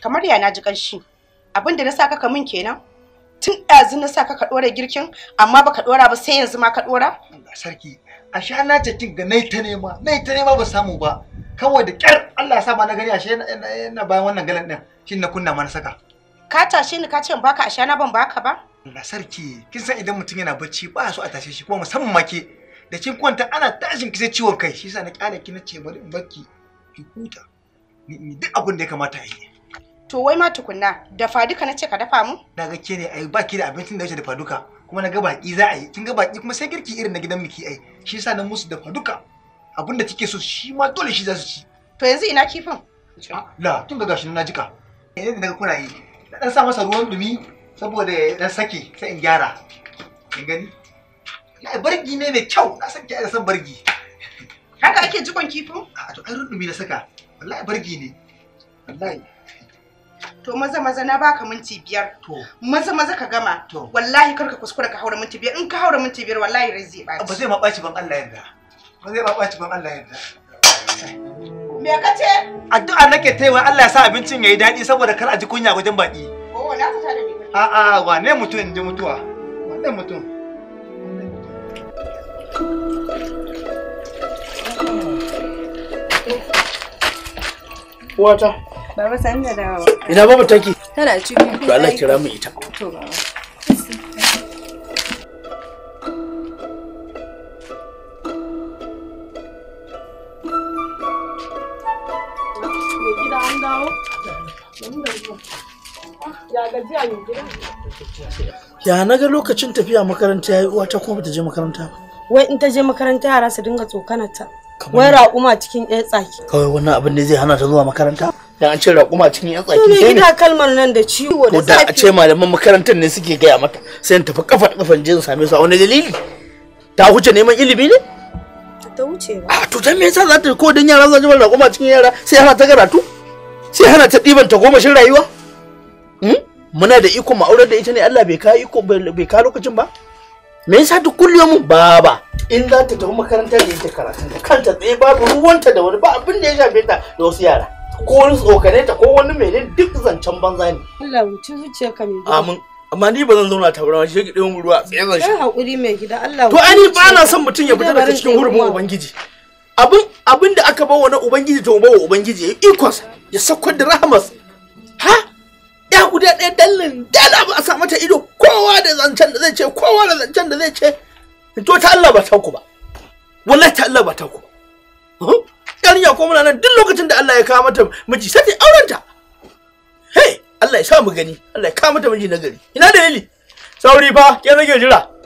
kamar ya na ji ƙanshi abin da na sa ka min kenan tun ɗazu na sa ka ɗora girkin amma baka ɗora ba sai yanzu ma ka ɗora? sarki ashe na tatin ga nai ta nema nai ta nema ba samu ba kawai da ƙyar Allah ya sa ba na gani ashe yana bayan wannan galan ɗin shin na kunna ma na saka. ka tashe ni ka ce in ka ashe na ban baka ba? Allah sarki kin san idan mutum yana bacci ba so a tashe shi kuma musamman ma ke da kin kwanta ana tashin ki sai ciwon kai shi yasa na ƙyale ki na ce bari in barki ki huta ni duk abin da ya kamata a yi. To wai ma tukunna dafa duka na ce ka dafa mu? Na ga ke ne ai baki da abincin da yake dafa duka kuma na ga baki za a yi kin ga baki kuma sai girki irin na gidan miki ai shi yasa na musu dafa duka da kike so shi ma dole shi za su ci. To yanzu ina kifin? Ah, la tun ga gashi na jika. Eh, yanzu da naga kuna yi na dan sa masa ruwan dumi saboda ya dan sake sai in gyara. Kin gani? Na bargi ne mai kyau na san ki ai san bargi. Haka ake jikon kifin? A to ai ruwan dumi na saka. Wallahi bargi ne. Wallahi. to maza maza na baka minti biyar to maza maza ka gama to wallahi karka kuskura ka haura minti biyar in ka haura minti biyar wallahi rai zai baci ba zai ma baci ban Allah yarda ba zai ma baci ban Allah yarda me ka ce addu'a nake taiwa Allah ya sa abincin yayi daɗi saboda kar a ji kunya wajen baki oh na fita da me a a wane mutum in ji mutuwa wannan mutum Wata. Baba san da Ina baba take? Tana cikin. To Allah kira mu ita. To Ya na ga lokacin tafiya makaranta ya yi uwa ta kuma bata je makaranta ba. Wai in ta je makaranta yara su dinga tsokanata. Wai ra'uma cikin ƴan tsaki. Kawai wannan abin ne zai hana ta zuwa makaranta? dan an ce raƙuma cikin yan tsaki ne gida kalmar nan da ciwo da zafi da a ce malaman makarantar ne suke gaya mata sai in tafi kafa kafan jin same su a wani dalili ta huce neman ilimi ne ta huce ba a ah, to dan me yasa za ta ko dan yara za ta raƙuma cikin yara sai hana ta karatu sai hana ta diban ta shin rayuwa hmm? muna da iko mu aurar da ita ne Allah bai ka iko bai ka lokacin ba me yasa duk kullum mun baba in za ta tafi makarantar da ita karatu kanta tsaye babu ruwanta da wani ba abin da ya shafe ta da wasu yara ko wani tsokane ta ko wani menene duk zancen banza ne Allah wuce zuciyarka mai gida amin amma ni ba zan zauna ta wurin shi gidan ruwa tsaye zan shi kai hakuri mai gida Allah to ni ba na son mutum ya fita daga cikin hurumin ubangiji abin abin da aka bawa na ubangiji to bawa ubangiji ya ikos ya sakwar da rahamas ha ya guda ɗaya dallin dala ba a sa mata ido kowa da zancen da zai ce kowa da zancen da zai ce to ta Allah ba ta ku ba wallahi ta Allah ba ta ku ba yarinya ko muna nan lokacin da Allah ya kawo mata miji sai ta auren ta hey Allah ya sa mu gani Allah ya kawo mata miji na gari ina dalili sauri fa ke zage jira